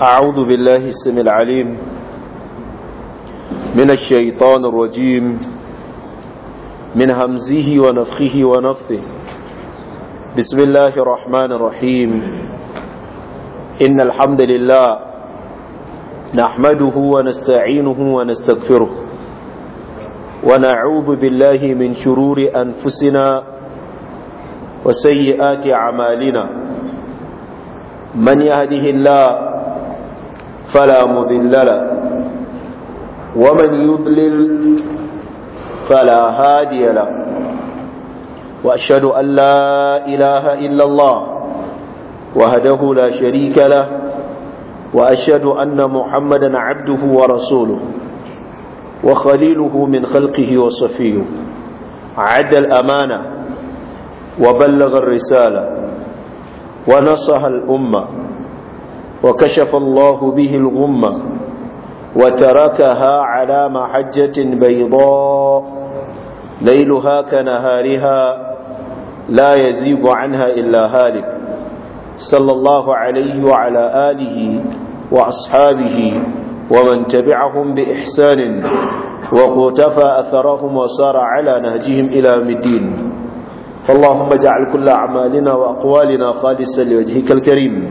أعوذ بالله السم العليم من الشيطان الرجيم من همزه ونفخه ونفثه بسم الله الرحمن الرحيم إن الحمد لله نحمده ونستعينه ونستغفره ونعوذ بالله من شرور أنفسنا وسيئات أعمالنا من يهده الله فلا مضل له ومن يضلل فلا هادي له وأشهد أن لا إله إلا الله وهده لا شريك له وأشهد أن محمدا عبده ورسوله وخليله من خلقه وصفيه عد الأمانة وبلغ الرسالة ونصح الأمة وكشف الله به الغمة وتركها على محجة بيضاء ليلها كنهارها لا يزيغ عنها إلا هالك صلى الله عليه وعلى آله وأصحابه ومن تبعهم بإحسان وقتفى أثرهم وصار على نهجهم إلى الدين فاللهم اجعل كل أعمالنا وأقوالنا خالصا لوجهك الكريم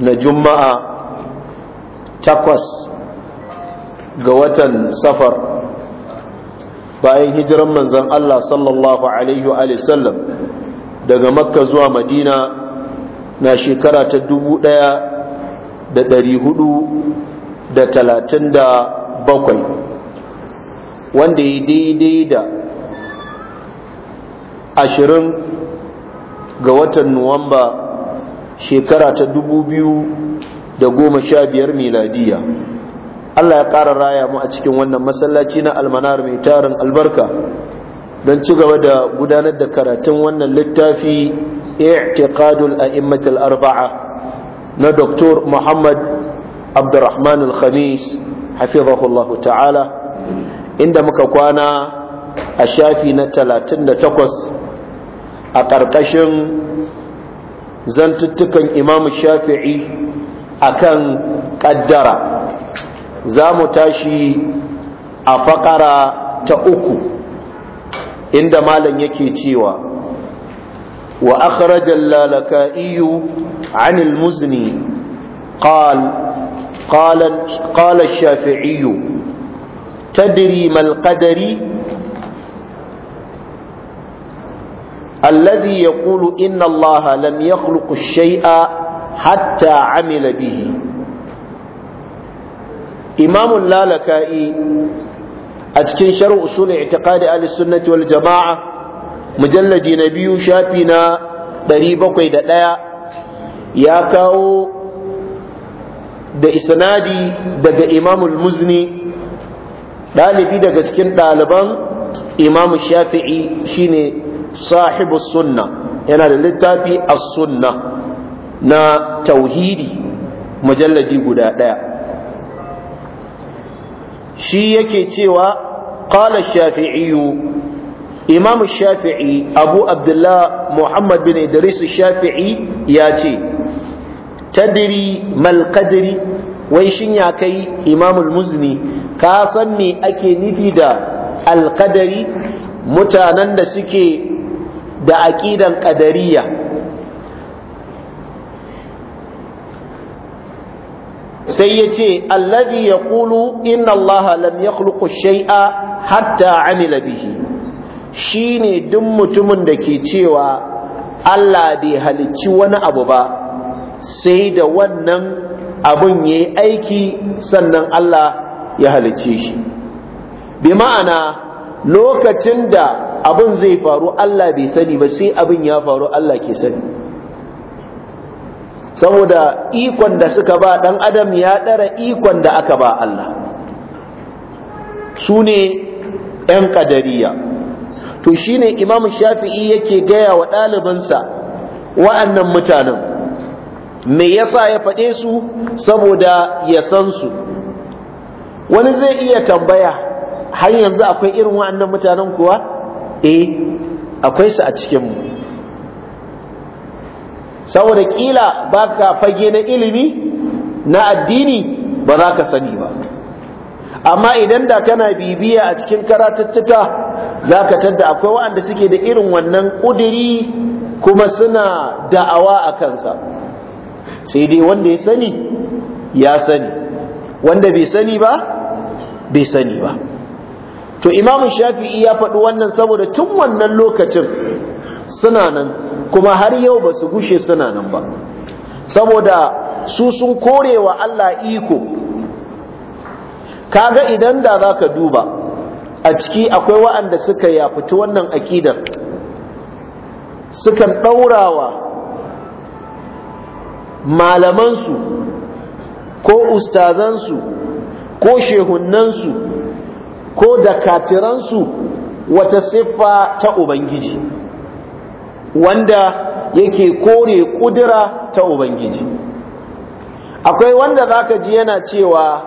na juma'a takwas ga watan safar bayan hijiran manzan Allah sallallahu alaihi wa sallam daga makka zuwa madina na shekara ta dubu ɗaya da dari hudu da talatin da bakwai wanda ya daidai da ashirin ga watan nuwamba shekara ta dubu biyu da goma sha biyar miladiya Allah ya ƙara raya mu a cikin wannan masallaci na almanar mai tarin albarka don ci gaba da gudanar da karatun wannan littafi i'tiqadul a'immatul arba'a na Dr. Muhammad Abdurrahman al-Khamis hafizahullahu ta'ala inda muka kwana a shafi na 38 a ƙarƙashin zantuttukan imam shafi'i akan kaddara za mu tashi a faqara ta uku inda malam yake cewa wa akhraj al-lalaka'i an al muzni qal قال قال الشافعي تدري ما qadari alladhi yaqulu inna allaha lam yakhluqu shay'a hatta amila bihi imamun lalaka'i a cikin sharhu usul i'tiqad al-sunnah wal jama'a mujalladi na biyu shafi na 701 ya kawo da isnadi daga imamul muzni ɗalibi daga cikin ɗaliban imam shafi'i shine sahibu sunna yana da littafi a sunna na tauhidi mujalladi guda ɗaya shi yake cewa ƙala shafi'iyu imam shafi'i abu abdullah muhammad bin idris shafi'i ya ce tadiri malkadiri wai shin ya kai imamul muzni ka san me ake nufi da alkadari mutanen da suke da aƙidan ƙadariya sai ya ce alladhi ya ƙulu inna allaha lam ya shai'a hatta amila bihi shi ne duk mutumin da ke cewa allah bai halicci wani abu ba sai da wannan abun ya aiki sannan allah ya halicce shi bi ma'ana lokacin da abin zai faru Allah bai sani ba sai abin ya faru Allah ke sani saboda ikon da suka ba dan adam ya ɗara ikon da aka ba Allah sune ne 'yan ƙadariya to shine imam shafi'i yake gaya wa ɗalibansa wa'annan mutanen me yasa ya faɗe su saboda ya san su wani zai iya tambaya har yanzu akwai irin wa'annan mutanen kuwa eh akwai su a cikinmu saboda kila ba ka fage na ilimi na addini ba za ka sani ba amma idan da kana bibiya a cikin karatuttuka za ka tadda akwai waɗanda suke da irin wannan ƙudiri kuma suna da'awa a kansa sai dai wanda ya sani ya sani wanda bai sani ba bai sani ba to imamu shafi'i ya faɗi wannan saboda tun wannan lokacin suna nan kuma har yau ba su gushe suna nan ba saboda su sun kore wa Allah iko kaga idan da za ka duba a ciki akwai wa'anda suka ya wannan akidar sukan ɗaurawa malamansu ko ustazansu ko shehunansu ko da katiransu wata siffa ta ubangiji wanda yake kore kudura ta ubangiji akwai wanda zaka ji yana cewa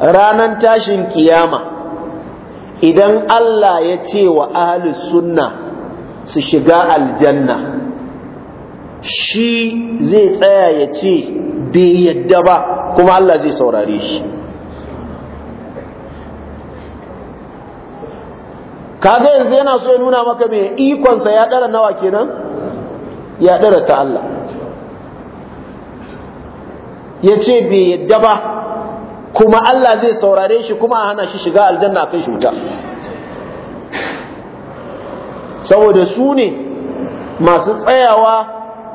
ranan tashin kiyama idan Allah ya ce wa ahlus sunna su shiga aljanna shi zai tsaya ya ce bai yadda ba kuma Allah zai saurare shi kaga yanzu yana so ya nuna maka mai ikonsa ya ɗara nawa kenan ya ɗara ta Allah ya ce bai yadda ba kuma Allah zai saurare shi kuma a hana shi shiga aljanna kai shi wuta saboda su ne masu tsayawa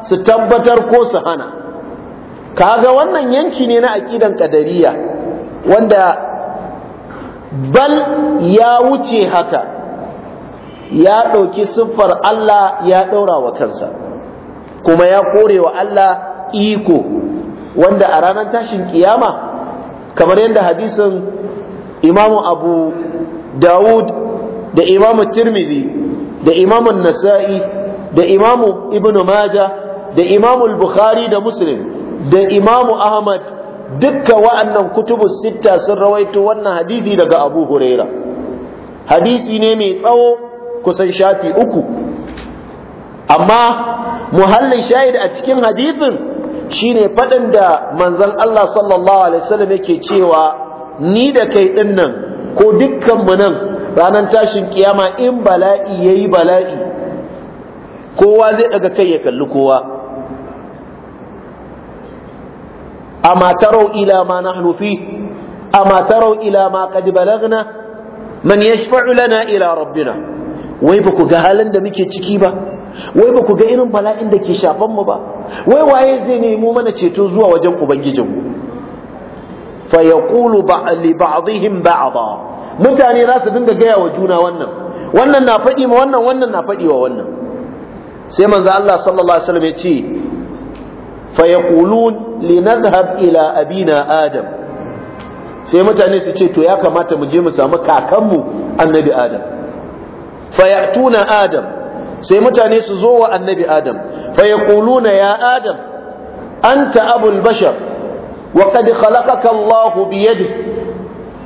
su tabbatar ko su hana kaga wannan yanki ne na aƙidan ƙadariya wanda bal ya wuce haka ya ɗauki siffar Allah ya ɗaura wa kansa kuma ya kore wa Allah iko wanda a ranar tashin kiyama kamar yadda hadisin imamu abu dawud da imamu tirmidhi da imamu nasa'i da imamu ibnu maja da imamu bukhari da muslim da imamu ahmad dukka wa'annan kutubu sitta sun rawaito wannan hadisi daga abu huraira hadisi ne mai tsawo kusan shafi uku amma muhallin shahid a cikin hadithin shine faɗin da manzon Allah sallallahu alaihi yake cewa ni da kai ɗin nan ko dukkanmu nan ranar tashin kiyama in bala'i ya yi bala'i kowa zai daga kai ya kalli kowa amma tarau ila ma nahnu fi amma tarau ila ma qad balagna man lana ila rabbina wai ba ku ga halin da muke ciki ba wai ba ku ga irin bala'in da ke shafan mu ba wai waye zai nemo mana ceto zuwa wajen ubangijinmu fa yaqulu li ba'dihim ba'da mutane za su dinga gaya wa juna wannan wannan na faɗi ma wannan wannan na faɗi wa wannan sai manzo Allah sallallahu alaihi wasallam ya ce fa yaqulun linadhhab ila abina adam sai mutane su ce to ya kamata mu je mu samu kakanmu annabi adam fayatuna adam sai mutane su zo wa annabi adam fayaquluna ya adam anta abul bashar wa qad khalaqaka Allah bi yadihi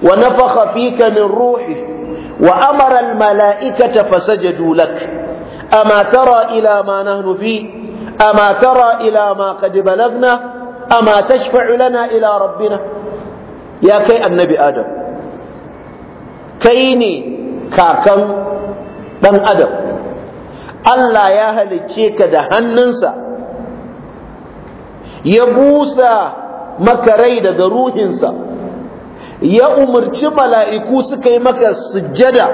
wa nafakha fika min ruhi wa amara al mala'ikata fasajadu lak ama tara ila ma nahnu fi ama tara ila ma qad balagna ama tashfa'u lana ila rabbina ya kai annabi adam kai ne kakan ɗan adam Allah ya halicce ka da hannunsa ya busa maka rai daga ruhinsa ya umarci mala'iku suka yi maka sujjada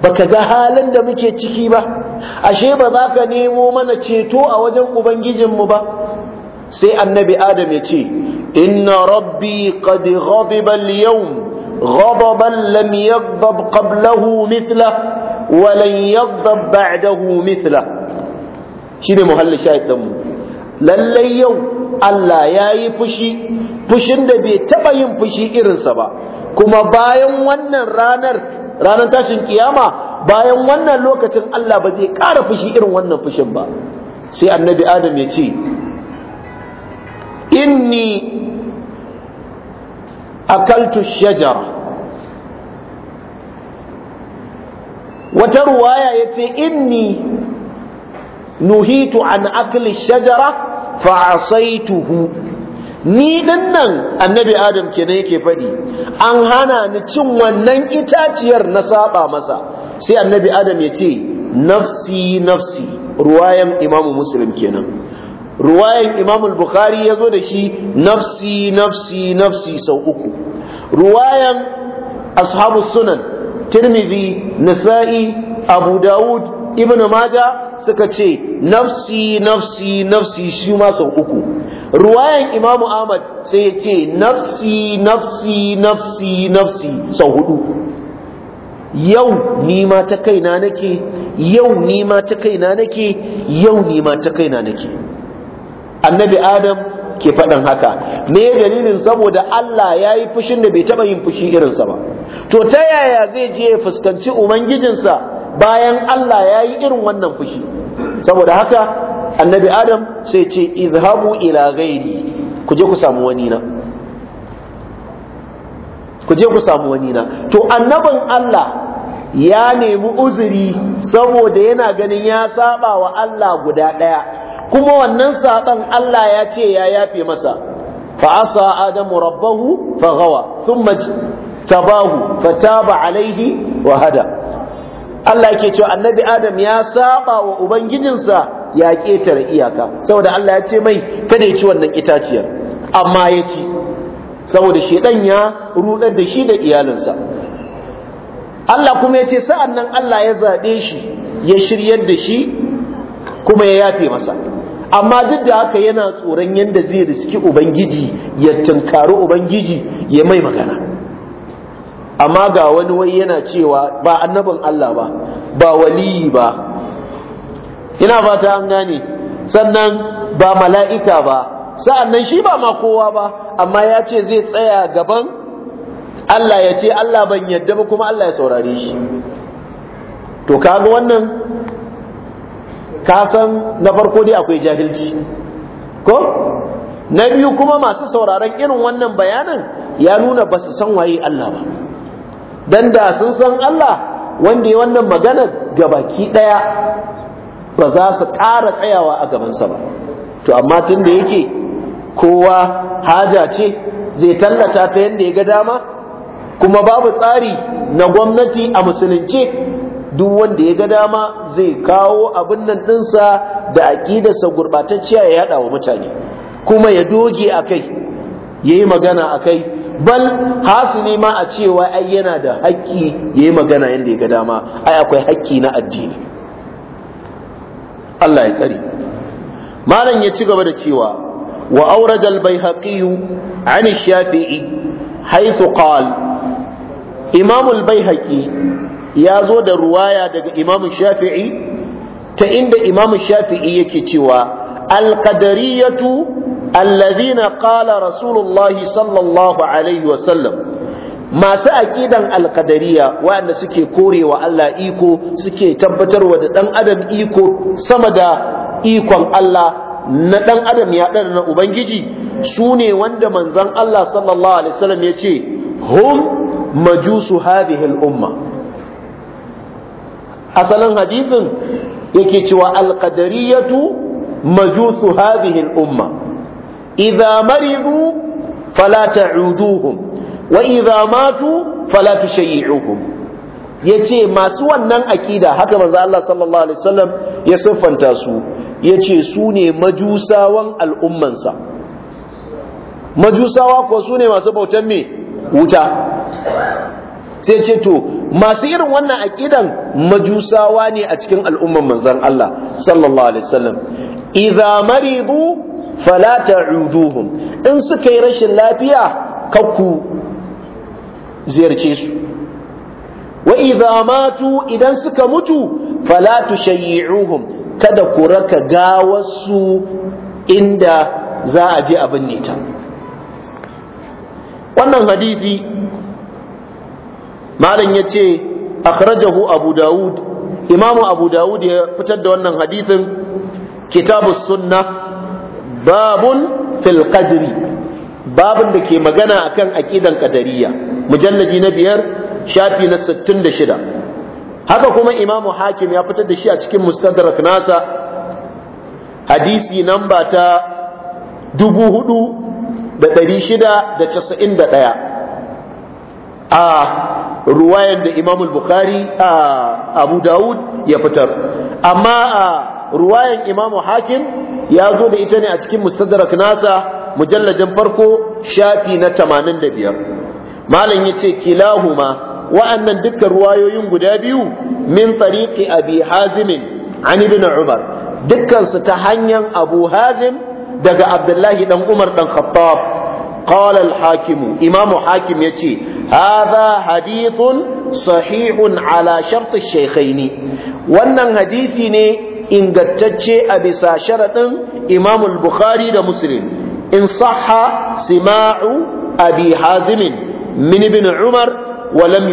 baka ga halin da muke ciki ba ashe ba za ka nemo mana ceto a wajen ubangijinmu ba sai annabi adam ya ce inna rabbi qad ghadiba al-yawm ghadaban lam yaghdab qablahu mithlahu walan yadhab ba'dahu mithla shine muhallin shahid din lallai yau Allah ya yi fushi fushin da bai taɓa yin fushi irinsa ba kuma bayan wannan ranar tashin ƙiyama bayan wannan lokacin Allah ba zai ƙara fushi irin wannan fushin ba sai annabi adam ya ce inni akaltu shajara wata ruwaya ya ce inni nuhitu an akli shajara fa'asaituhu ni dinnan annabi adam kenan yake faɗi an hana ni cin wannan itaciyar na saba masa sai annabi adam ya ce nafsi nafsi ruwayan imamu muslim kenan ruwayan imamu bukhari ya zo da shi nafsi nafsi nafsi sau uku ruwayan ashabu sunan tirmidhi nisa'i abu dawud ibn maja suka ce nafsi nafsi nafsi shi ma sau uku ruwayan imam ahmad sai ya ce nafsi nafsi nafsi nafsi sau hudu yau ni ma ta kaina nake yau ni ma ta kaina nake yau ni ta kaina nake annabi adam ke faɗin haka me dalilin saboda Allah ya yi fushin da bai taɓa yin fushi irinsa ba to ta yaya zai je ya fuskanci ubangijinsa bayan Allah ya yi irin wannan fushi saboda haka annabi adam sai ce izhabu ila ghairi ku je ku samu wani na ku je ku samu wani na to annabin Allah ya nemi uzuri saboda yana ganin ya saba wa Allah guda ɗaya kuma wannan saban Allah ya ce ya yafe masa fa asa adamu rabbahu fa gawa thumma tabahu fa taba alaihi wa hada Allah yake cewa annabi adam ya saba wa ubangijinsa ya ketare iyaka saboda Allah ya ce mai kada ya ci wannan itaciyar amma ya ci saboda shedan ya rudar da shi da iyalinsa Allah kuma ya ce sa'an nan Allah ya zaɓe shi ya shiryar da shi kuma ya yafe masa amma duk da haka yana tsoron yadda zai riski ubangiji ya tunkari ubangiji ya mai magana amma ga wani wai yana cewa ba annabin Allah ba ba waliyi ba ina fata an gane sannan ba mala'ika ba sa'annan shi ba ma kowa ba amma ya ce zai tsaya gaban Allah ya ce Allah ban yadda ba kuma Allah ya saurare shi to kaga wannan ka san na farko dai akwai jahilci ko na biyu kuma masu sauraron irin wannan bayanin ya nuna ba su san waye Allah ba dan da sun san Allah wanda ya wannan magana gabaki daya ba za su ƙara tsayawa a gabansa ba to amma tun da yake kowa haja ce zai tallata ta yadda ya ga dama kuma babu tsari na gwamnati a musulunce duk wanda ya ga dama zai kawo abin nan ɗinsa da aƙidarsa gurɓatacciya ya yaɗa wa mutane kuma ya doge a kai ya yi magana a kai bal hasini ma a cewa ai yana da haƙƙi ya yi magana yadda ya ga dama ai akwai haƙƙi na addini Allah ya tsare malam ya ci gaba da cewa wa aurada al-baihaqi an shafi'i haythu qala imam al-baihaqi ya zo da ruwaya daga imam shafi'i ta inda imam shafi'i yake cewa alƙadariyatu allazina qala rasulullahi sallallahu alaihi wasallam masu aƙidan alƙadariya waɗanda suke korewa Allah iko suke tabbatarwa da dan adam iko sama da ikon Allah na ɗan adam ya ɗan na Ubangiji su ne wanda manzan Allah sallallahu alaihi wasallam ya ce hum majusu hadhihi al-umma asalin hadithin yake cewa alkadariyatu majusu hadhihi umma idza maridu fala ta'uduhum wa idza matu fala tushayyi'uhum yace masu wannan akida haka manzo Allah sallallahu alaihi wasallam ya siffanta su yace su ne majusawan al'ummansa majusawa ko su ne masu bautan me wuta sai ce to masu irin wannan aqidan majusawa ne a cikin al'ummar manzon Allah sallallahu alaihi wasallam idza maridu fala ta'uduhum in suka yi rashin lafiya kakku ziyarce su wa idza matu idan suka mutu fala tushayyi'uhum kada ku raka gawarsu inda za a je a binne ta wannan hadisi malam yace akhrajahu abu daud imamu abu daud ya fitar da wannan hadithin kitabu sunna babun fil qadri babun da ke magana akan aqidan qadariyya mujalladi na biyar shafi na 66 haka kuma imamu hakim ya fitar da shi a cikin mustadrak nasa hadisi namba ta 4691 a ruwayan da Imam al-Bukhari a Abu Da'ud ya fitar amma a ruwayan Imam Hakim ya zo da ita ne a cikin Mustadrak nasa mujalladin farko shafi na 85 malam yace kilahuma wa'annan dukkan ruwayoyin guda biyu min tariqi Abi Hazim an ibn Umar dukkan su ta hanyar Abu Hazim daga Abdullahi dan Umar dan Khattab qala hakimu hakim imam hakim yace haza hadithun sahihun ala shart ash-shaykhain wannan hadisi ne ingantacce a bisa sharadin imam bukhari da muslim in saha sima'u abi hazim min bin umar wa lam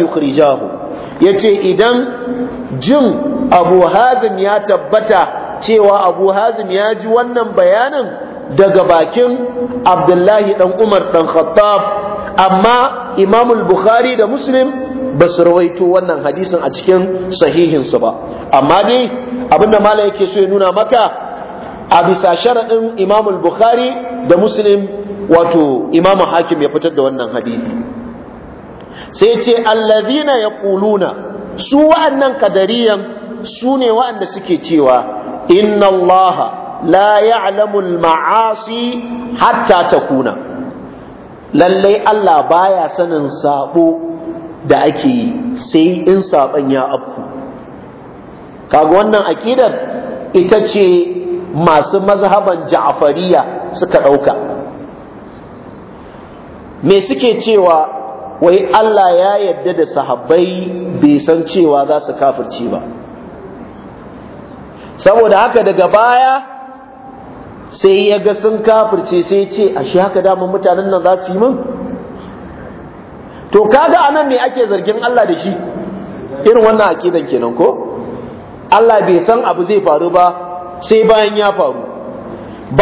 yace idan jin abu hazim ya tabbata cewa abu hazim ya ji wannan bayanin daga bakin abdullahi dan umar dan khattab amma imamul bukhari da muslim ba su rawaito wannan hadisin a cikin sahihinsu ba amma dai abinda malam yake so ya nuna maka a bisa sharaɗin imamul bukhari da muslim wato imamu hakim ya fitar da wannan hadisi sai ce allazina kuluna su wa'annan kadariyan su ne wa'anda suke cewa inna allaha la ya'lamu al-ma'asi hatta takuna lalle Allah baya sanin sabo da ake yi sai in saban ya afku kaga wannan aqidar ita ce masu mazhaban ja'fariya suka dauka me suke cewa wai Allah ya yarda da sahabbai bai san cewa za su kafirce ba saboda haka daga baya sai ya ga sun kafirce sai ya ce ashe haka daman mutanen nan za su yi min to kaga nan ne ake zargin Allah da shi irin wannan aqidan kenan ko Allah bai san abu zai faru ba sai bayan ya faru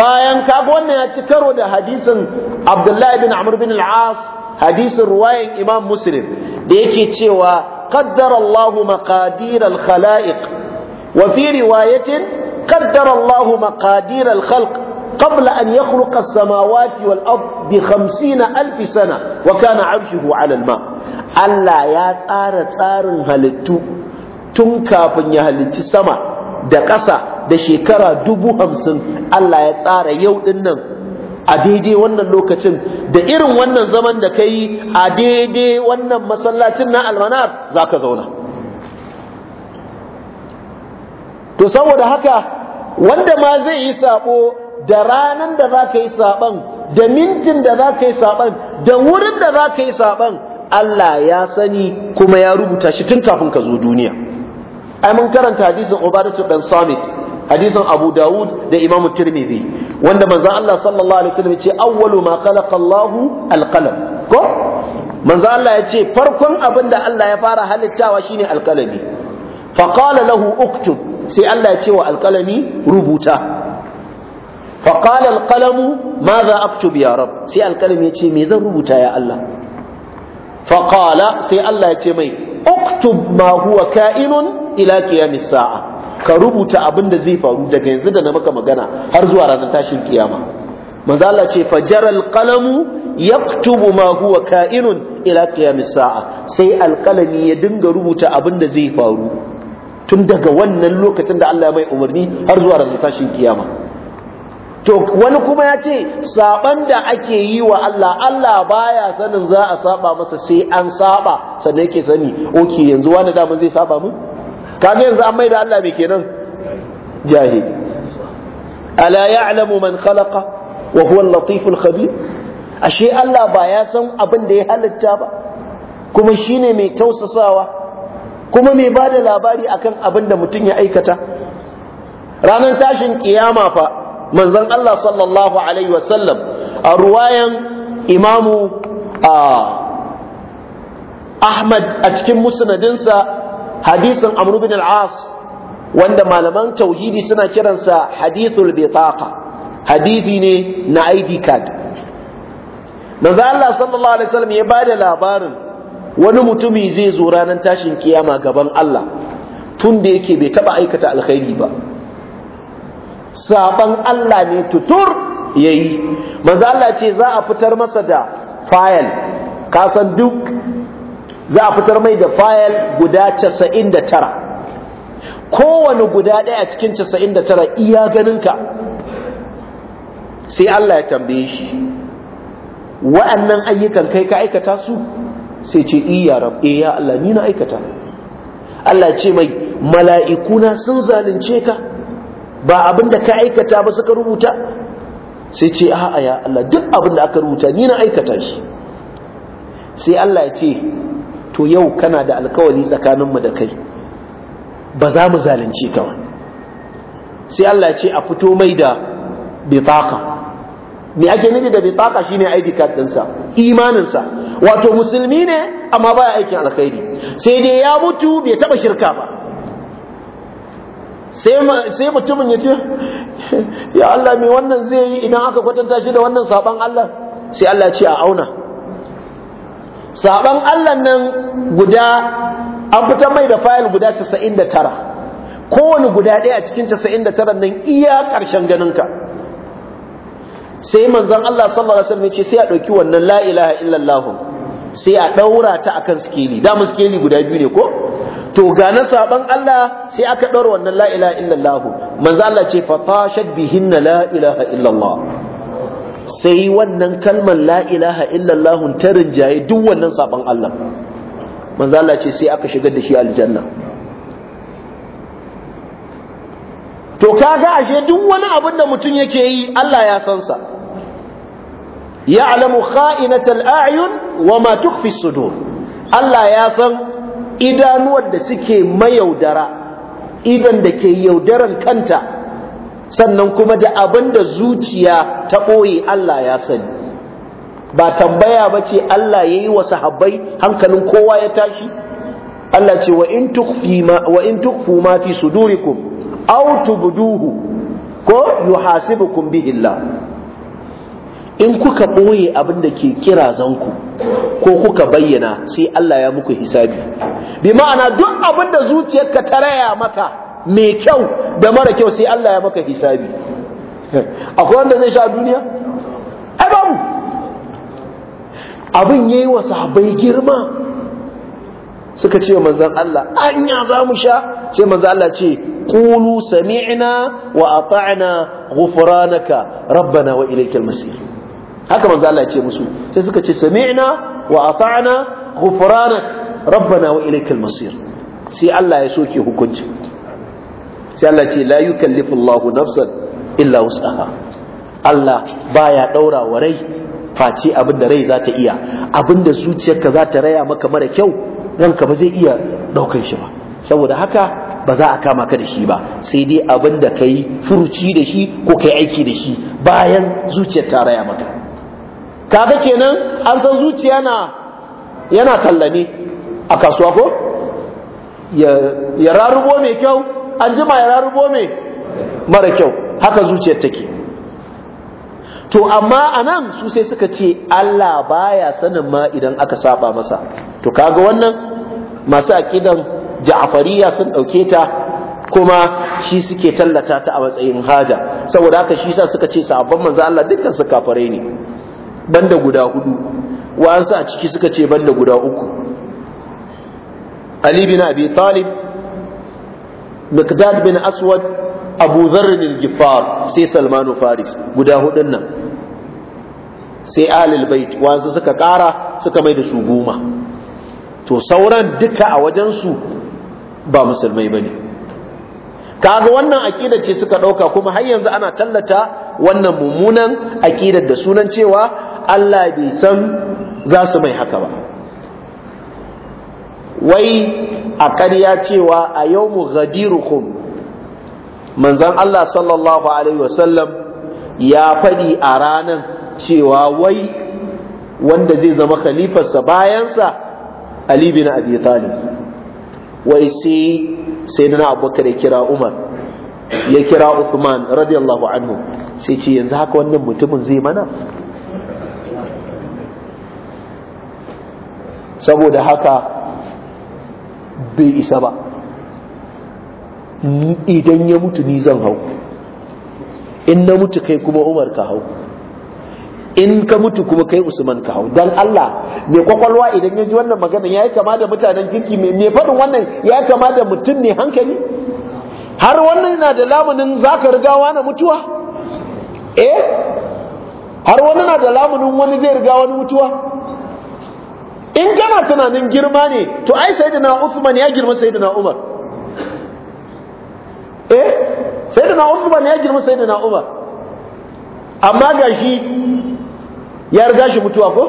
bayan kaga wannan ya ci karo da hadisin Abdullahi bin Amr bin al-As hadisin ruwayan Imam Muslim da yake cewa qaddara makadiral maqadir al-khalaiq wa fi riwayatin قدر الله مقادير الخلق قبل أن يخلق السماوات والأرض بخمسين ألف سنة وكان عرشه على الماء ألا يا تار تار هلتو تنكا فن يهلت السماء دقسا دشيكرا دبو همسن ألا يا تار يودنن a أديدي ونن lokacin da irin wannan zaman da ka yi a daidai wannan masallacin na to saboda haka wanda ma zai yi sabo da ranan da za ka yi saban da mintin da za ka yi saban da wurin da za ka yi saban Allah ya sani kuma ya rubuta shi tun kafin ka zo duniya ai mun karanta hadisin Ubadatu dan Samit hadisin Abu Dawud da Imam Tirmidhi wanda manzon Allah sallallahu alaihi wasallam ce awwalu ma khalaqa Allahu alqalam ko manzon Allah ya ce farkon abin da Allah ya fara halittawa shine alqalami fa qala lahu uktub sai Allah ya ce wa alƙalami rubuta fa qala alqalamu madha aktub ya rab sai alƙalami ya ce me zan rubuta ya Allah fa sai Allah ya ce mai uktub ma huwa ka'inun ila qiyamis sa'a ka rubuta abin da zai faru daga yanzu da na maka magana har zuwa ranar tashin kiyama manzo Allah ce fajar qalamu yaktubu ma huwa ka'inun ila qiyamis sa'a sai alqalami ya dinga rubuta abin da zai faru tun daga wannan lokacin da Allah ya mai umarni har zuwa ranar tashin kiyama to wani kuma ya ce saban da ake yi wa Allah Allah baya sanin za a saba masa sai an saba sannan yake sani Ok yanzu wani daman zai saba mu kaga yanzu an maida Allah mai kenan jahili ala ya'lamu man khalaqa wa huwa al-latiful khabir ashe Allah ba ya san abin da ya halitta ba kuma shine mai tausasawa kuma mai ba da labari akan abin da mutum ya aikata ranar tashin kiyama fa manzon Allah sallallahu alaihi wasallam a ruwayan imamu Ahmad a cikin musnadinsa hadisin Amr bin al-As wanda malaman tauhidi suna kiransa hadithul bitaqa hadithi ne na ID card manzon Allah sallallahu alaihi wasallam ya da labarin wani mutumi zai zo ranar tashin kiyama gaban Allah tun da yake bai taba aikata alkhairi ba saban Allah ne tutur yayi manzo Allah ce za a fitar masa da file ka san duk za a fitar mai da fayal guda 99 kowane guda ɗaya cikin 99 iya ganinka sai Allah ya tambaye shi wa'annan ayyukan kai ka aikata su sai ce iya e, rab E ya Allah ni na aikata Allah ce mai mala'ikuna sun zalunce ka ba abin da ka aikata ba suka rubuta sai ce a'a ya Allah duk abin da aka rubuta ni na aikata shi sai Allah ya ce to yau kana da alkawari tsakaninmu da kai ba za mu zalunce ka ba sai Allah ya ce a fito mai da bitaka me ake nufi da bitaka shine ID card dinsa imaninsa wato musulmi ne amma baya aikin alkhairi sai dai ya mutu bai taba shirka ba sai mutumin ya ce ya Allah me wannan zai yi idan aka kwatanta shi da wannan saban Allah sai Allah ce a auna saban Allah nan guda an fitar mai da fayil guda 99 kowane guda ɗaya a cikin 99 nan iya ƙarshen ganinka sai manzon Allah sallallahu alaihi wasallam ya ce sai a ɗauki wannan la ilaha illallah sai a ɗaura ta akan sikeli da mu sikeli guda biyu ne ko to ga na saban Allah sai aka ɗaura wannan la ilaha illallah manzon Allah ce fa tashad bihinna la ilaha illallah sai wannan kalmar la ilaha illallah ta rinjaye duk wannan saban Allah manzon Allah ce sai aka shigar da shi aljanna to kaga ashe duk wani abin da mutum yake yi Allah ya san sa ya'alamu kha'inatal a'yun wa ma tukhfi sudur Allah ya san idanuwar da suke mayaudara idan da ke yaudaran kanta sannan kuma da abin da zuciya ta ɓoye Allah ya sani ba tambaya ba ce Allah ya yi wa sahabbai hankalin kowa ya tashi Allah ce wa in tukfu ma fi sudurikum autu buduhu, ko hasibukun bihi Allah in kuka ɓoye abin da ke kirazanku ko kuka bayyana sai Allah ya muku hisabi bi ma'ana duk abin da zuciyarka ta raya maka mai kyau da mara kyau sai Allah ya maka hisabi akwai wanda zai sha duniya ai abin yayi wa sahabbai girma suka ce manzon Allah anya za mu sha sai manzon Allah ce qulu sami'na wa ata'na ghufranaka rabbana wa ilaykal masir haka manzo Allah ya ce musu sai suka ce sami'na wa ata'na ghufranak rabbana wa ilaykal masir sai Allah ya soke hukunci sai Allah ce la yukallifu Allahu nafsan illa wus'aha Allah baya daura wa rai face abin da rai za ta iya abin da zuciyarka za ta raya maka mara kyau ranka ba zai iya daukan shi ba saboda haka ba za a kama ka da shi ba sai dai abin da kai furuci da shi ko kai aiki da shi bayan zuciyar ta raya maka kaga kenan an san zuciya na yana tallane a kasuwa ko ya rarubo mai kyau an jima ya rarubo mai mara kyau haka zuciyar take to amma anan su sai suka ce Allah baya sanin ma idan aka saba masa to kaga wannan masu aqidan ja'fariya sun dauke ta kuma shi suke tallata ta a matsayin haja saboda haka shi sa suka ce sabon manzo Allah dukkan su kafare ne banda guda hudu wa'ansu a ciki suka ce banda guda uku Ali bin Abi Talib Miqdad bin Aswad Abu Dharr al sai Salman Faris guda hudun nan sai Alil Bait wa'ansu suka kara suka mai da su goma to sauran duka a wajen su ba musulmai ne kaga wannan akidar ce suka dauka kuma har yanzu ana tallata wannan mummunan akidar da sunan cewa Allah bai san za su mai haka ba wai a ƙarya cewa a yau mu ghadirukum manzan Allah sallallahu Alaihi wasallam ya faɗi a ranar cewa wai wanda zai zama khalifarsa bayansa Ali bin Abi Talib wai sai sai na abubakar ya kira Umar ya kira Uthman radiyallahu anhu sai ce yanzu haka wannan mutumin zai mana saboda haka bai isa ba idan ya mutu ni zan hau in na mutu kai kuma umar ka hau in ka mutu kuma kai usman ka hau dan Allah mai kwakwalwa idan ya ji wannan magana ya yi kama da mutanen kirki mai faɗin wannan ya yi kama da mutum ne hankali har wannan na da lamunin za ka riga wani mutuwa eh har wani na da lamunin wani zai riga wani mutuwa in kana tunanin girma ne to ai sayyidina Uthman ya girma sayyidina Umar eh sayyidina Uthman ya girma sayyidina Umar amma gashi ya riga shi mutuwa ko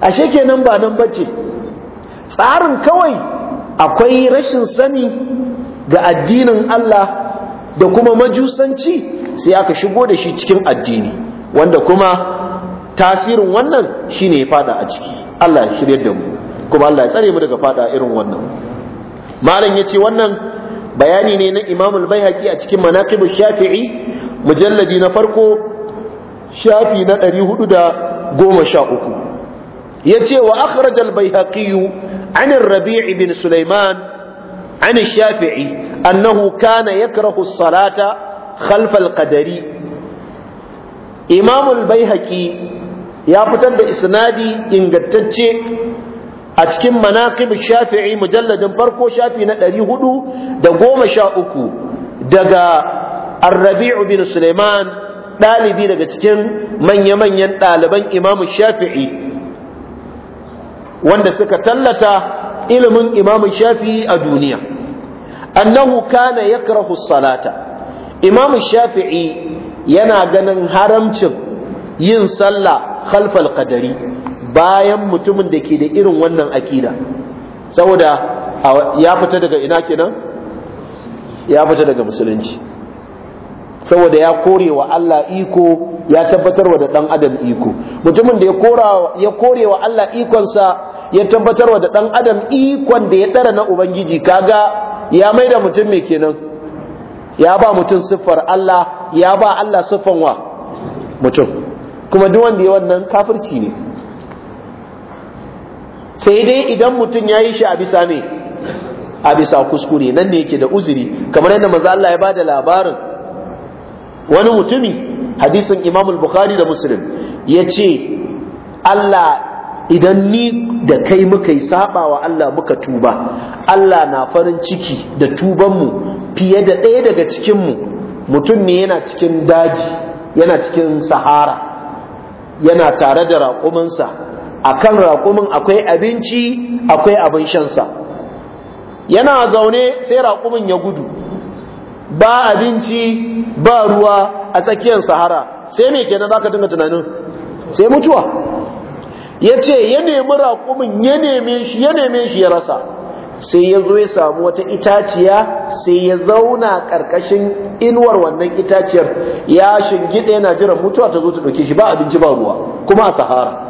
ashe kenan ba nan bace tsarin kawai akwai rashin sani ga addinin Allah da kuma majusanci sai aka shigo da shi cikin addini wanda kuma tasirin wannan shine fada a ciki Allah ya shiryar da mu kuma Allah ya tsare mu daga fada irin wannan malam yace wannan bayani ne na Imam al-Baihaqi a cikin Manaqib shafii mujalladi na farko shafi na 413 yace wa akhraj al-Baihaqi an ar-Rabi' bin Sulaiman an shafii annahu kana yakrahu as-salata khalf al Imam al ya fitar da isnadi ingantacce a cikin manaqib shafi'i mujalladin farko shafi na 413 daga ar-rabi'u bin sulaiman dalibi daga cikin manya-manyan ɗaliban imamu shafi'i wanda suka tallata ilimin imamu shafi'i a duniya annahu kana yakrahu salata imamu shafi'i yana ganin haramcin yin sallah khalfal qadari bayan mutumin da ke da irin wannan akida saboda ya fita daga ina kenan ya fita daga musulunci saboda ya kore wa Allah iko ya tabbatarwa da dan adam iko mutumin da ya kora ya kore wa Allah ikonsa ya tabbatarwa da dan adam ikon da ya dara na ubangiji kaga ya maida mutum me kenan ya ba mutum siffar Allah ya ba Allah siffan wa mutum kuma duk wanda ya wannan kafirci ne sai dai idan mutum ya yi shi a bisa ne a bisa kuskure nan ne yake da uzuri kamar yadda manzo Allah ya bada labarin wani mutumi hadisin Imam al-Bukhari da Muslim ce, Allah idan ni da kai muka yi sabawa Allah muka tuba Allah na farin ciki da tubanmu fiye da ɗaya daga cikinmu mutum ne yana cikin daji yana cikin sahara yana tare da raƙuminsa a kan raƙumin akwai abinci akwai abin shansa yana zaune sai raƙumin ya gudu ba abinci ba ruwa a tsakiyar sahara sai me kenan zaka dinga tunanin sai mutuwa ya ce ya nemi raƙumin ya ya neme shi ya rasa sai ya zo ya samu wata itaciya sai ya zauna ƙarƙashin inuwar wannan itaciyar ya shingide yana jiran mutuwa ta zo ta ɗauke shi ba abinci ba ruwa kuma a sahara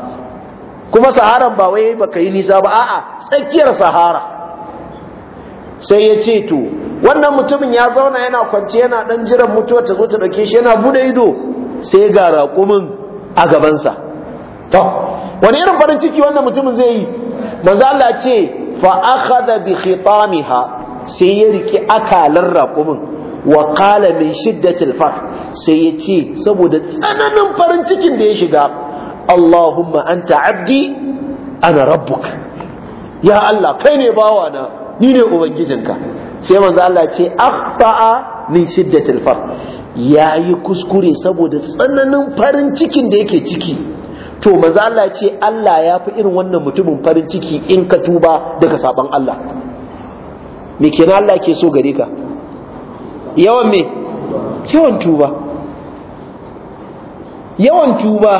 kuma saharan ba wai baka yi nisa ba a'a tsakiyar sahara sai ya ce to wannan mutumin ya zauna yana kwance yana ɗan jiran mutuwa ta zo ta ɗauke shi yana buɗe ido sai ga raƙumin a gabansa to wani irin farin ciki wannan mutumin zai yi manzo Allah ce fa akhadha bi khitamiha sai ya riki akalan raƙumin wa qala min shiddatil farh sai ya ce saboda tsananin farin cikin da ya shiga Allahumma anta abdi ana rabbuk ya Allah kaine bawa na? ni ne ubangijin ka? sai manzo Allah ce akhta'a min shiddatil farh yayi kuskure saboda tsananin farin cikin da yake ciki to maza Allah ya ce Allah ya fi irin wannan mutumin farin ciki in ka tuba daga saban Allah me kenan Allah ke so gare ka yawan me yawan tuba yawan tuba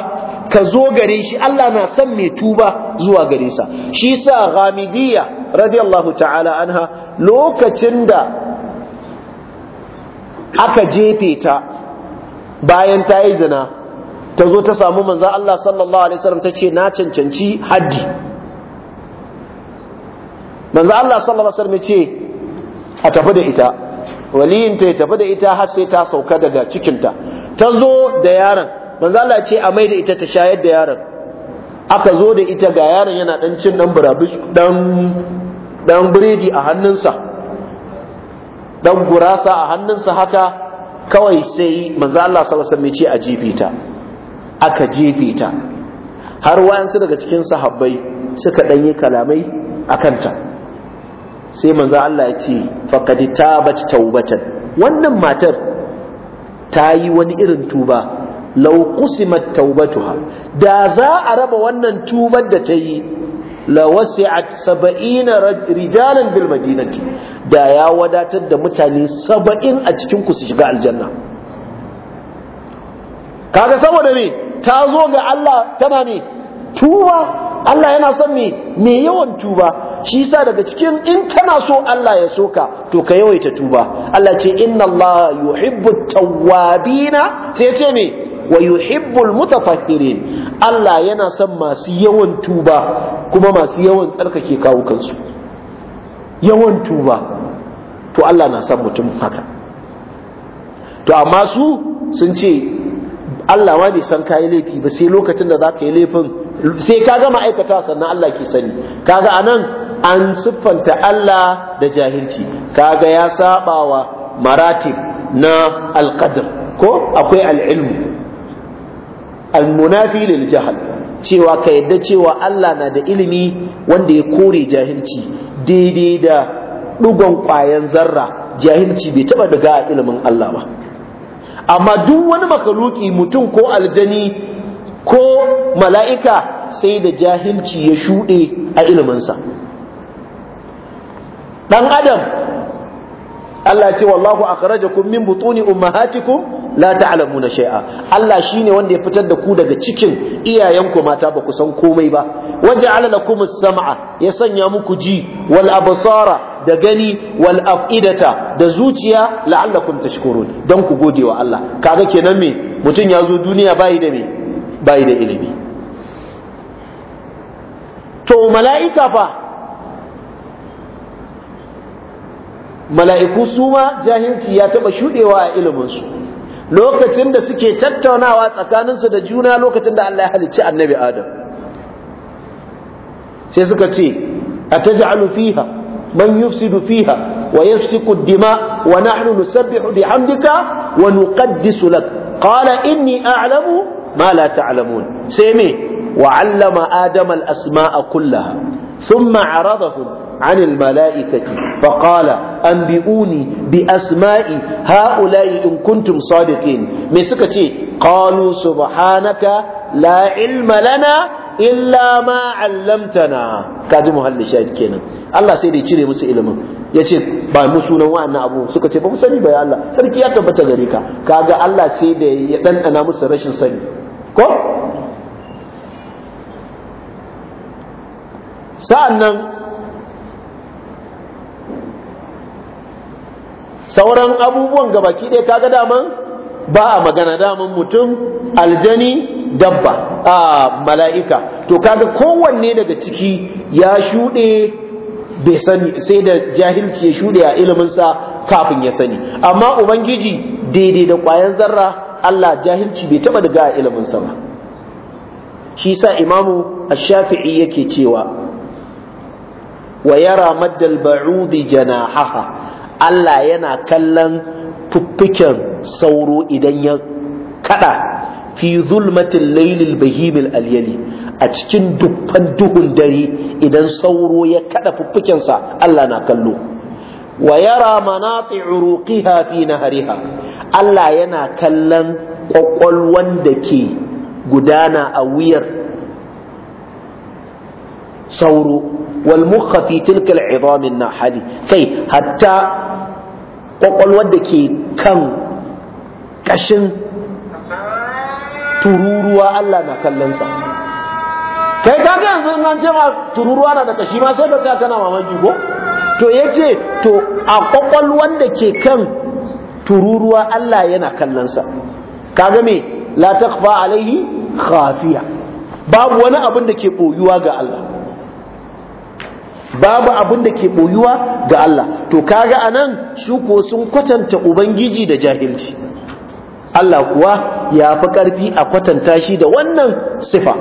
ka zo gare shi Allah na san me tuba zuwa gare sa shi sa Ghamidiyya radiyallahu ta'ala anha lokacin da aka jefe ta bayan ta yi zina ta zo ta samu manzan Allah sallallahu alaihi wasallam ta ce na cancanci haddi manzan Allah sallallahu alaihi wasallam ya ce a tafi da ita waliyinta ya tafi da ita har sai ta sauka daga cikinta ta zo da yaron manzan Allah ya ce a mai da ita ta shayar da yaron aka zo da ita ga yaron yana dan cin dan burabis dan dan biredi a hannunsa dan gurasa a hannunsa haka kawai sai manzo Allah sallallahu alaihi wasallam ya ce a ta. aka jefe ta har wayansu daga cikin sahabbai suka ɗan yi kalamai a kanta sai manzo Allah ya ce faqad tabat taubatan wannan matar ta yi wani irin tuba law qusimat da za a raba wannan tubar da ta yi la wasi'at saba'ina rijalan bil madinati da ya wadatar da mutane saba'in a cikin ku su shiga aljanna kaga saboda me ta zo ga Allah tana ne tuba Allah yana son me me yawan tuba shi yasa daga cikin in kana so Allah ya soka to ka yawaita tuba Allah ce inna Allah yuhibbu tawwabina sai ce me wa yuhibbul mutatahhirin Allah yana son masu yawan tuba kuma masu yawan tsarkake kawo kansu yawan tuba to Allah na son mutum haka to amma su sun ce Allah ma bai san kayi laifi ba sai lokacin da za ka yi laifin sai ka gama aikata sannan Allah ke sani kaga anan an siffanta Allah da jahilci kaga ya wa maratib na alqadr ko akwai al'ilmu almunafi lil jahal cewa ka yadda cewa Allah na da ilimi wanda ya kore jahilci daidai da dugon kwayan zarra jahilci bai taba daga ilimin Allah ba amma duk wani makaluki mutum ko aljani ko mala'ika sai da jahilci ya shuɗe a iliminsa ɗan adam Allah ce wallahu akhrajakum min butuni ummahatikum la ta'lamuna shay'a Allah shine wanda ya fitar da ku daga cikin iyayenku mata ba ku san komai ba waja'ala lakum as-sam'a ya sanya muku ji wal absara da gani wal afidata da zuciya la'allakum tashkurun dan ku gode wa Allah kaga kenan me mutum ya zo duniya bai da me bai da ilimi to mala'ika fa mala'iku su ma jahilci ya taba shuɗewa a iliminsu lokacin da suke tattaunawa tsakaninsu da juna lokacin da Allah ya halicci annabi Adam sai suka ce a ataj'alu fiha man yufsidu fiha wa yasfiku dima wa nahnu nusabbihu hamdika wa nuqaddisu lak qala inni a'lamu ma la ta'lamun sai me wa 'allama adama al-asma'a kullaha thumma 'aradahum عن الملائكة فقال أنبئوني بأسماء هؤلاء إن كنتم صادقين مسكتي قالوا سبحانك لا علم لنا إلا ما علمتنا كاجي محل شاهد كينا الله سيدي cire musu ilimin ya ce ba mu sunan wa'annan abu suka ce ba mu sani ba ya Allah sarki ya tabbata gare ka kaga Allah sai da ya ɗanɗana musu rashin sani ko sa'annan sauran abubuwan gabaki ɗaya kaga daman ba a magana daman mutum aljani dabba a mala'ika to kaga kowanne daga ciki ya shuɗe bai sai da jahilci ya shuɗe a iliminsa kafin ya sani amma ubangiji daidai da ƙwayan zarra Allah jahilci bai taɓa daga a iliminsa ba shi sa imamu ash-shafi'i yake cewa wa yara maddal ba'udi janahaha Allah yana kallon fuffiken sauro idan ya kada fi zulmatin lailil bahimil alyali a cikin dukkan duhun dare idan sauro ya kada fuffikensa Allah na kallo wa yara manati'u ruqiha fi nahriha Allah yana kallon kwakwalwan da ke gudana a wuyar sauro wal mukha fi na hali. kai hatta kwakwalwar da ke kan kashin tururuwa Allah na kallon kai kaga yanzu nan ce tururuwa na da kashi ma sai baka kana mamaki ko to yace to a kwakwalwar da ke kan tururuwa Allah yana kallonsa. sa kaga me la takfa alaihi khafiya babu wani abin da ke ɓoyuwa ga Allah babu abin da ke boyuwa ga Allah to kaga anan su ko sun kwatanta ubangiji da jahilci Allah kuwa ya fi ƙarfi a kwatanta shi da wannan sifa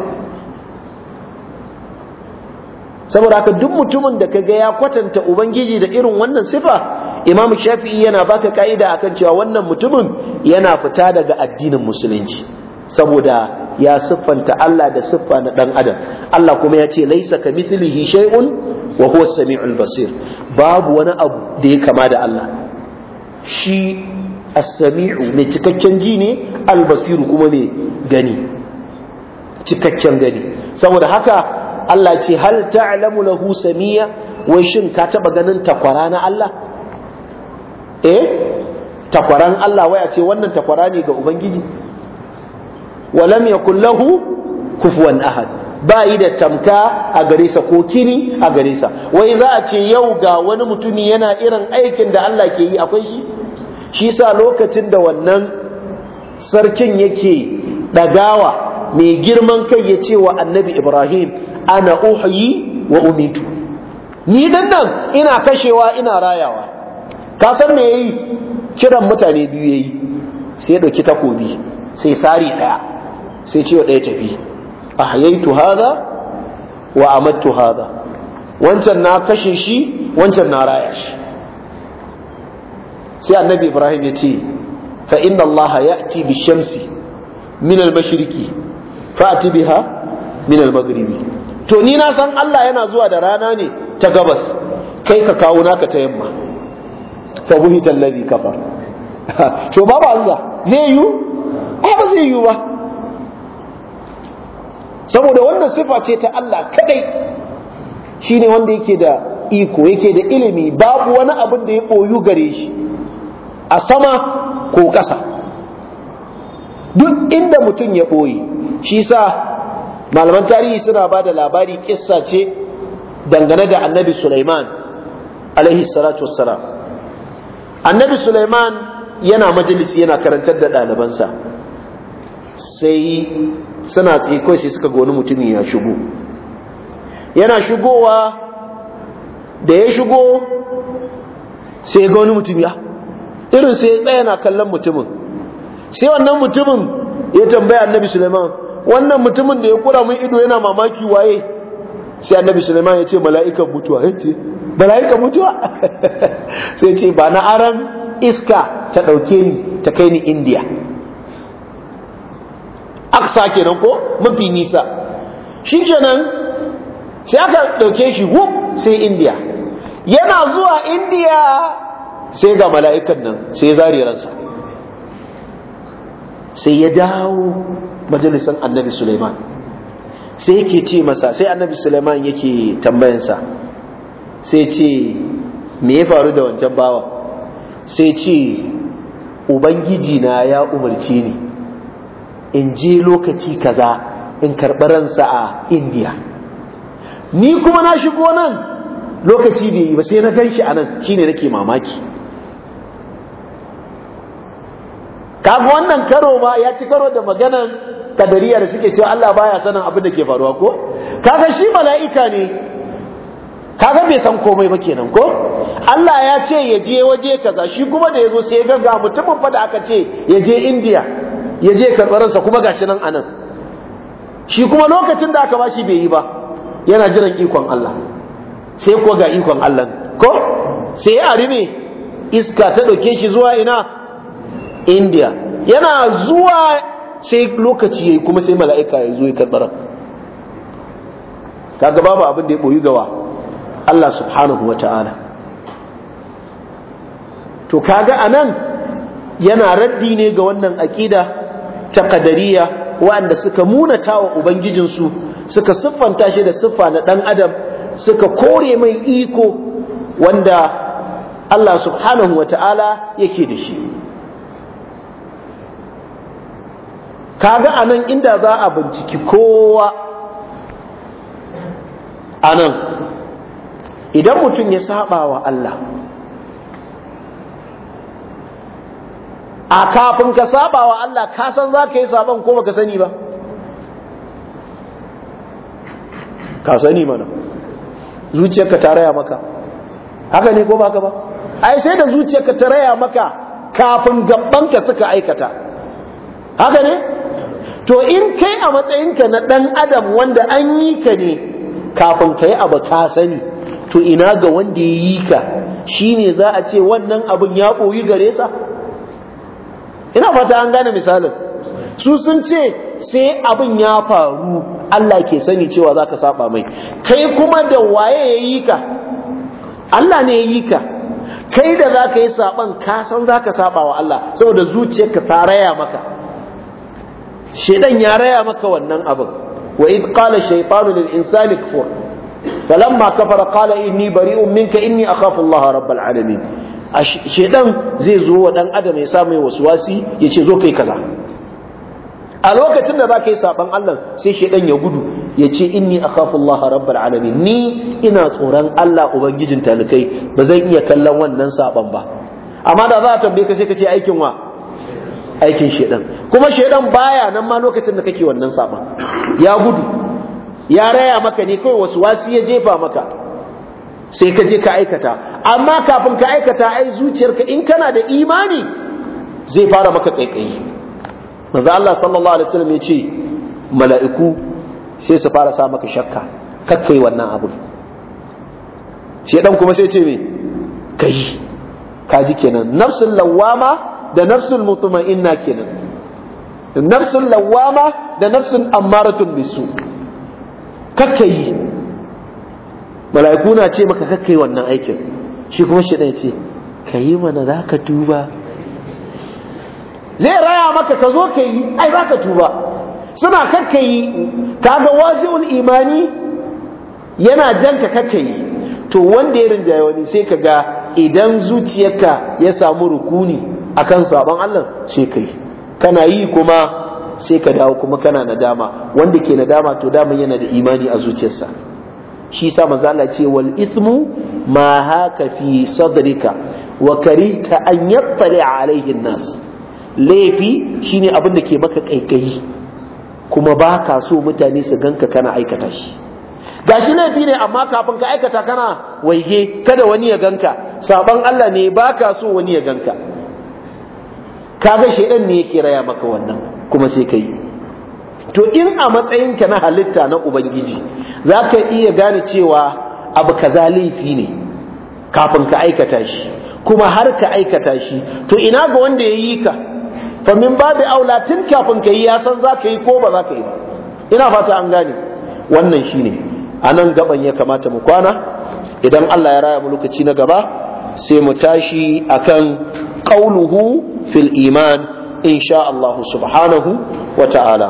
saboda haka duk mutumin da kaga ya kwatanta ubangiji da irin wannan sifa imamu shafi'i yana baka ka'ida akan cewa wannan mutumin yana fita daga addinin musulunci saboda ya siffanta Allah da siffa na dan adam Allah kuma ya ce laisa ka mithlihi shay'un wa huwa sami'ul basir babu wani abu da ya kama da Allah shi as-sami'u mai cikakken ji ne al-basiru kuma mai gani cikakken gani saboda haka Allah ce hal ta'lamu lahu samiya wai shin ka taba ganin takwara na Allah eh takwaran Allah a ce wannan takwara ne ga ubangiji walam yakul lahu kufuwan ahad ba yi da tamka a gare sa ko kini a gare sa wai za a ce yau ga wani mutumi yana irin aikin da Allah ke yi akwai shi shi sa lokacin da wannan sarkin yake dagawa mai girman kai ya ce wa annabi Ibrahim ana uhyi wa umitu ni dan nan ina kashewa ina rayawa ka san me yayi kiran mutane biyu yayi sai ya dauki takobi sai sari daya sai ciwo daya tafi ahyaitu hadha wa amattu hadha wancan na kashe shi wancan na raya shi sai annabi ibrahim ya ce fa inna allah ya'ti bi shamsi min al-mashriqi ati biha min al-maghribi to ni na san allah yana zuwa da rana ne ta gabas kai ka kawo naka ta yamma fa buhita alladhi kafar to babu azza zai yu ba zai yu ba saboda wannan sifa ce ta Allah kadai shine wanda yake da iko yake da ilimi babu wani abin da ya koyu gare shi a sama ko ƙasa duk inda mutum ya ɓoye shi sa malaman tarihi suna ba da labari kissa ce dangane da annabi Sulaiman alaihi salatu wassalam annabi Sulaiman yana majalisi yana karantar da ɗalibansa sai suna tsaye kawai sai suka ga wani mutumin ya shigo yana shigowa da ya shigo sai ga wani mutum ya irin sai ya tsaye na kallon mutumin sai wannan mutumin ya tambaya annabi suleiman wannan mutumin da ya kura mun ido yana mamaki waye sai annabi suleiman ya ce mala'ikan mutuwa ya eh, ce mala'ikan mutuwa sai ce ba na aran iska ta ɗauke ni ta kai ni indiya aksa kenan ko mafi nisa shi kenan sai aka ɗauke shi wuf sai indiya yana zuwa indiya sai ga mala'ikan nan sai zari ransa sai ya dawo majalisar annabi suleiman sai yake ce masa sai annabi suleiman yake tambayansa sai ce me ya faru da wancan bawa sai ce ubangiji na ya umarci ni in je lokaci kaza in karɓi ransa a indiya ni kuma na shigo nan lokaci da yi ba sai na gan shi a nan shine nake mamaki kaga wannan karo ba ya ci karo da maganan kadariya da suke cewa Allah baya sanin abin da ke faruwa ko kaga shi mala'ika ne kaga bai san komai ba kenan ko Allah ya ce ya je waje kaza shi kuma da yazo sai ya ga mutumin fada aka ce ya je India ya je karɓar kuma gashi nan anan shi kuma lokacin da aka ba shi bai yi ba yana jiran ikon Allah sai kuwa ga ikon Allah ko sai ya arime iska ta ɗauke shi zuwa ina India yana zuwa sai lokaci yi kuma sai mala'ika ya zo ya ta kaga babu abin da ya boyi gawa Allah subhanahu wa ta'ala, to kaga anan yana raddi ne ga wannan aƙida? ta kadariya waɗanda suka munata wa ubangijinsu suka siffanta shi da siffa na ɗan adam suka kore mai iko wanda Allah subhanahu wa ta'ala yake da shi kaga anan inda za a binciki kowa anan idan mutum ya saɓa wa Allah a kafin ka saba wa Allah ka san za ka yi saban ko baka sani ba ka sani mana zuciyarka ta raya maka haka ne ko baka ba ai sai da zuciyarka ta raya maka kafin gabanka suka aikata haka ne to in kai a matsayinka na dan adam wanda an yi ka ne kafin ka yi abu ka sani to ina ga wanda ya yi ka shine za a ce wannan abun ya koyi gare sa ina fata an gane misalin su sun ce sai abin ya faru Allah ke sani cewa za ka saba mai kai kuma da waye ya yi ka Allah ne ya yi ka kai da za ka yi saban kasan san za ka saba wa Allah saboda zuciyarka ta raya maka shaidan ya raya maka wannan abin wa id qala shaytanu lil insani kufur falamma kafara qala inni bari'un minka inni akhafu Allah rabbal alamin shedan zai zo wa dan adam ya sa wasu wasi ya ce zo kai kaza a lokacin da za ka yi saban Allah sai shedan ya gudu ya ce inni akhafu Allah rabbar alamin ni ina tsoron Allah ubangijin talikai ba zan iya kallon wannan saban ba amma da za a tambaye ka sai ka ce aikin wa aikin shedan kuma shedan baya nan ma lokacin da kake wannan saban ya gudu ya raya maka ne kawai wasu wasi ya jefa maka sai ka je ka aikata amma kafin ka aikata ai zuciyarka in kana da imani zai fara maka kaikayi manzo Allah sallallahu alaihi wasallam ya ce mala'iku sai su fara sa maka shakka kakkai wannan abu sai dan kuma sai ce me kai kaji kenan nafsul lawama da nafsul mutma'inna kenan nafsul lawama da nafsul ammaratun bisu kakkai mala'iku na ce maka yi wannan aikin shi kuma shi ɗaya ce ka yi mana za ka tuba zai raya maka ka zo ka yi ai za ka tuba suna kakka yi kaga wazi'ul imani yana janka kakka yi to wanda ya rinjaye wani sai ka ga idan zuciyarka ya samu rukuni a kan sabon Allah sai ka yi kana yi kuma sai ka dawo kuma kana nadama wanda ke nadama to damar yana da imani a zuciyarsa shi sa manzo Allah ce wal ithmu ma haka fi sadrika wa karita an yattali alaihi nas laifi shine abin da ke maka kaikayi kuma ba ka so mutane su ganka kana aikata shi gashi laifi ne amma kafin ka aikata kana waige kada wani ya ganka saban Allah ne ba ka so wani ya ganka kaga shedan ne yake raya maka wannan kuma sai ka to in a matsayinka na halitta na ubangiji za ka iya gane cewa abu kaza laifi ne kafin ka aikata shi kuma har ka aikata shi to ina ga wanda ya yi ka famin min babu aula tun kafin ka yi ya san za ka yi ko ba za ka yi ba ina fata an gane wannan shi ne, a nan gaban ya kamata mu kwana idan Allah ya raya mu lokaci na gaba sai mu tashi akan kan fil iman insha Allah subhanahu wa ta'ala